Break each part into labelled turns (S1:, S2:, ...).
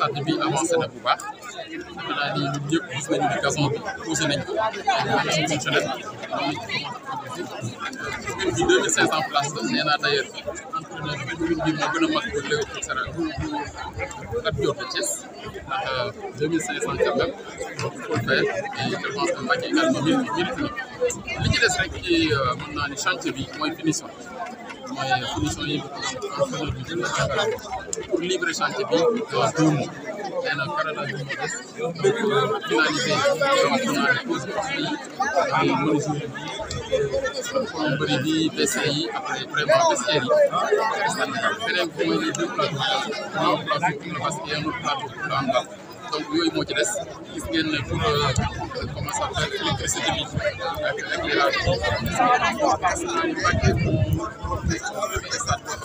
S1: stade bi avancé na bu baax dafa naa ni ñun ñëpp gis nañu ne bi posé nañ ko ak fonctionnel commune bi 2500 places la nee naa d'ailleurs entraîneur bi commune bi a mag ba de Thiès ndax 2500 quand même donc il faut le faire et je pense que Mbacké également na li ci des rek ci euh, mën naa ni chantier bi mooy finition ma solution yi gouverneur bi jël libre échange bi waa deux mois na parrainage bi mu des pour finaliser donc ñaari pause yi en menuisier bi plomberie bi BCI yi après vraiment BCR yi beneen bi mooy les deux plateaux un plateau pour Mbacké un autre plateau yooyu moo ci des gis ngeen ne pour comment ça s'appelle électricité bi ak éclairage bi on passe à une banquette pour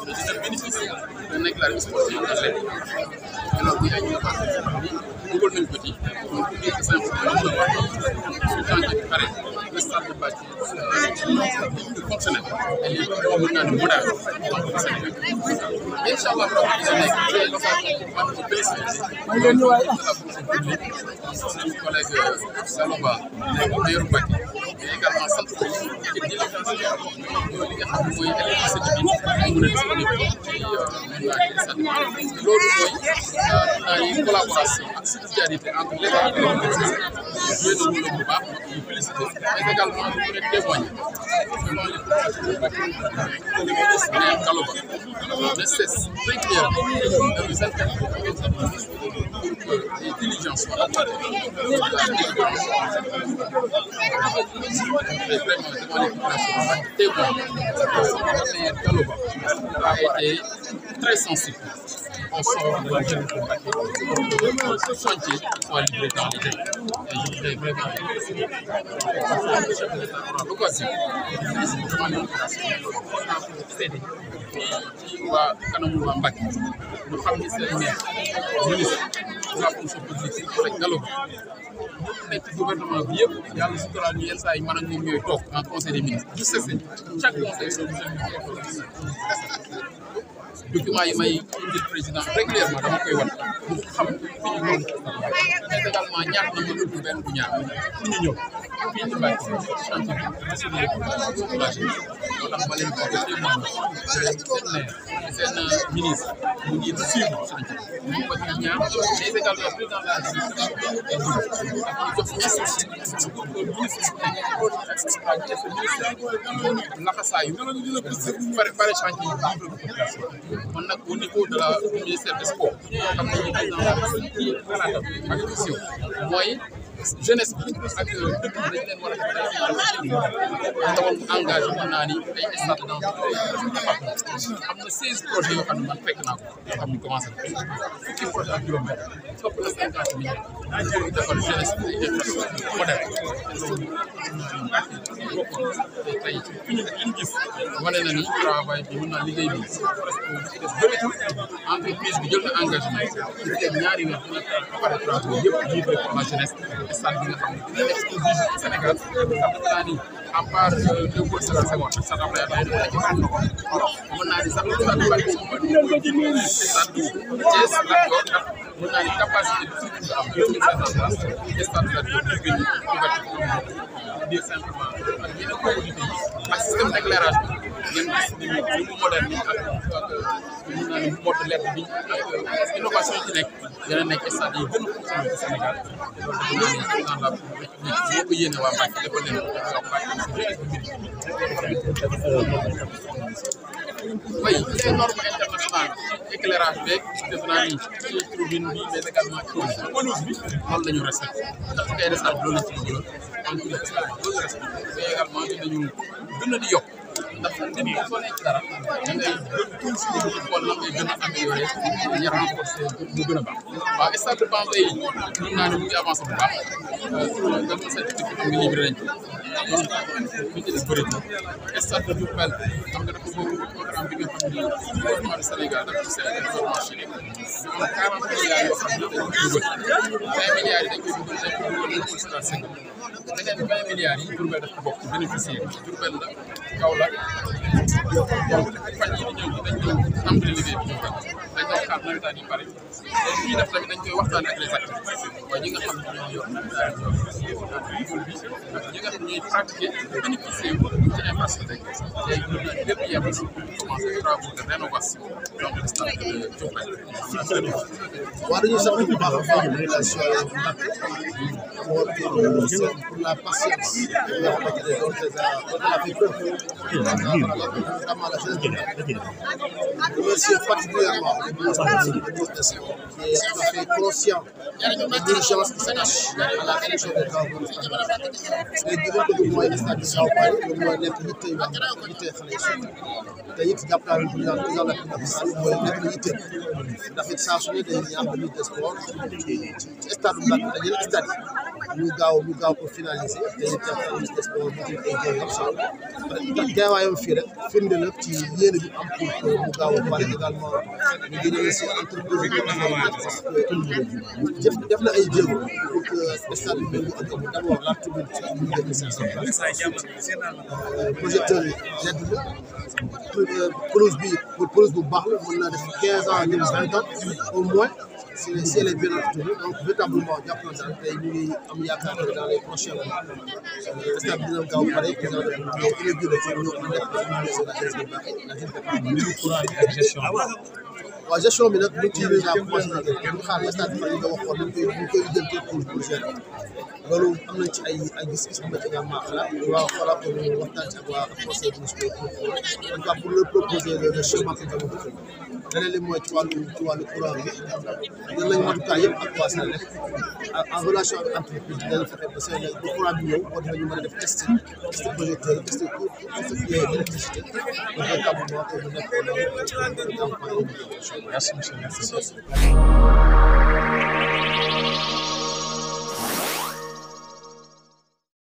S1: les jeunes bénéficier d'un éclairage sportif en LED alors que yaa ngi passé ci bi dugal nañ ko ci donc pour dire simplement
S2: ñu doon wax su chantier bi pare le
S1: stade de Bathie ci fonctionnel et les mën naa ne modal donc Sénégal incha allah notre collègue Saloba nekk meilleur Mbacké mais également sant ko ci délégation li
S2: nga xam ne mooy électricité bi mu mën a disponible ci
S1: loolu mooy ay collaboration ak subsidiarité entre l'État et l'entreprise joué na rôle bu baax ñu félicité mais également ñu mën a témoigner vraiment les populations mais Kaloba ne cesse première de nous interpeller intelligence wala a été très sensible au sort de la jeune combattante. Son chantier soit livré dans les délais. waa kanamu waa Mbacke ñu xam ni seen maire ministre la fonction publique rek Gallo nekk gouvernement bi yëpp yàlla suturaal ñu yenn saa yi mën ak moom ñooy toog en conseil des ministres du cessé chaque conseil document yi may indi président régulièrement dama koy wan pour xam fi ñu doon mais également ñaax na du benn du ñaar pour ñu ñëw fii ñu bàyyi seen de la des sports mooy jeunesse bi ak dëkk bi dañ leen war a
S2: taxawal naa
S1: ni ay stade dans am na seize projets yoo xam man fekk naa ko yoo xam ne commencé na fukki projet ak juróom benn
S2: topp na cinquante millions
S1: pour defal jeunesse bi na ni travail bi mën naa liggéey bi entreprise bi jël na engagement pour ñaari weer dina pare travail yëpp jiite la jeunesse stade bi nga xam ne dina nekk exclusif Sénégal ndax naa ni à part euh, Léopold Sédar Senghor ak Stade Abdoulaye Wade dina ci ànd ko mën naa ni sax stade bu bari stade bu Thiès ak Dior ndax mën naa ni capacité de tribune am deux mille cinq cent places te stade la Dior ñu gën
S2: ñu
S1: dire simplement ak yeneen communauté yi ak système d'éclairage bi
S2: ngeen gis ni
S1: mu moderne ak mode lettre bi ak innovation yi ci nekk gën a nekk stade yi gën a fonctionné ci Sénégal loolu dafa naan la boo ko yéene waa Mbacke defal leen ko defal waa Mbacke
S2: way les normes
S1: internationales ni ci tribune bi mais également ci pelouse bi loolu la ñu respecté ndax tey de stade loolu la ci dugal loolu la respecté a di yokk ndax nit ki soo nekk dara da ngay gën toujours di xool lan ngay gën a améliorer ñu renforcer mu gën a baax waaw stade de Bambey yi mën naa ne mu ngi avancer bu baax gën a seetlu ci am nga libéré nañ ko donc li ci des bëri na stade de Diourbel xam nga dafa bokk
S2: programme bi nga xam ni gouvernement du Sénégal dafa ci seen gouvernement Chine donc 40 milliards yoo xam ne dañ koy dugal 20 milliards yi dañ koy
S1: dugal dañ koy dugal ne leen vingt milliards yi Diourbel dafa bokk ci bénéficier bi Diourbel la Kaolack fan yii di ñëw dañ ñëw tàmbali liggéey bi Diourbel dañ doon xaar nawetaan yi pare léegi ñuy def tamit dañ koy waxtaan ak les acteurs mooy ñi nga xam ne ñoo yor ndóol bi ak ñi nga xam ne ñooy pratiquer bénéficier wu ci infrastructure léegi ñun nag lépp yem si commencé travaux de rénovation donc stade Diourbel. waaw
S3: dañuy sax bu baax a baax relation pour, pour la patience. Monsieur particulièrement, qui est tout à fait conscient de l'urgence qui se cache euh, à la réduction des travaux. Les différents mouvements et les stabilisations au moins nekk yitte yitte xale
S2: yi surtout
S3: te it jàpp naa ne président président la présidente mooy nekk yitte ndax it saa su ne day ñaax ministre des sports ci stade bu Mbacké ak yeneen stade yi. ñu gaaw ñu gaaw ko finaliser dañuy jàpp ne ministre des sports mu jël ay jéego am solo ndax gaawaayam fii rek firnde la ci yéene bi am pour que mu gaaw a pare également ñu gën a réussir entreprise bi parce que jëf def na ay jéego pour que stade bi mu am d' abord la tribune ci am deux mille cinq cent projecteur yi jedd la pelouse bi pelouse bu baax la mën naa def quinze ans ñëw vingt ans au moins. si si elle est bien entourée donc véritablement jàpp na daal tey ñu ngi am yaakaar ne dans les prochains mois stade bi dina gaaw pare dina inauguré pour ñu mën a def la gestion waaw gestion bi nag bu ci biir naa commencé na kenn xaar ba stade bi nga waxoon dañ koy dañ koy jëntee pour pour gérer loolu am nañ ci ay ay gis-gis am na ci également xalaat waaw xalaat ko ñu waxtaan ci ak waa conseil municipal pour en tout cas pour leur proposer le schéma que dama ko leneen li mooy ci wàllu ci wàllu courant bi dinañ lañ matukaay yëpp ak waa Sénélec en relation avec entreprise bi dinañ fexe ba Sénélec ba courant bi ñëw boo defee ñu mën a def test test projecteur test tout tout ce qui est électricité pour que mu nekk campagne
S2: ersten Semester.